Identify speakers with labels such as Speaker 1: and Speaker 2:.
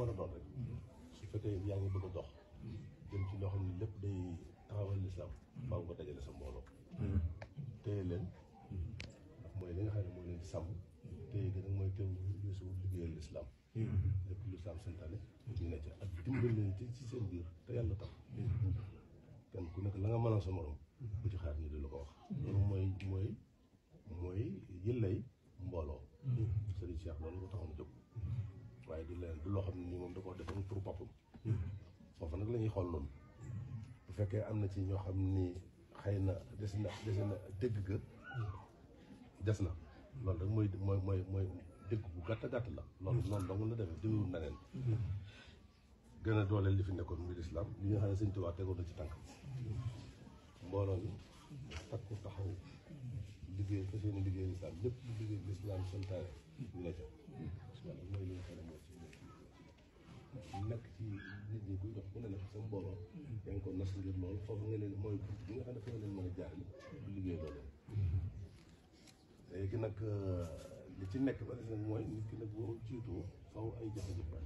Speaker 1: mën a doon rek su fekkee yaa ngi du ko dox jëm ci loo xam ne lépp day taxawal lislaam faaw nga dajale sa mbooloo téye leen ndax mooy li nga xam ne mooy leen di sàmm téye gi nag mooy teew yu su liggéeyal lislaam lépp lislaam santaane ñu ne ca ak dimbal leen ci seen biir te yàlla tax kenn ku nekk la nga mënal sa morom bu ci xaar ñu di la ko wax mooy mooy mooy yëllay mbooloo sëriñ Cheikh loolu ko taxoon jóg loo xam ne nii moom da koo defoon pour boppam. foofu nag la ñuy xool loolu bu fekkee am na ci ñoo xam ni xëy na des na des na dégg ga des na loolu rek mooy mooy mooy mooy bu gàtt gàtt la. loolu noonu dong la demee déglu na li fi nekkoon muy lislaam li nga xam ne sëñ Tuubaa tegoon na ci tànkam. mbooloo mi takku taxaw liggéey fas yéene liggéey ne ca. nekk ci nit ñi buy dox ku ne nag sama mbooloo yaa nas ngir loolu foofu nga leen mooy bunt bi nga xam ne nga leen mën a jaar bu liggéey loolu
Speaker 2: léegi nag euh, li ci nekk ba des nag mooy nit ki nag warul jiitoo faw ay jafe-jafe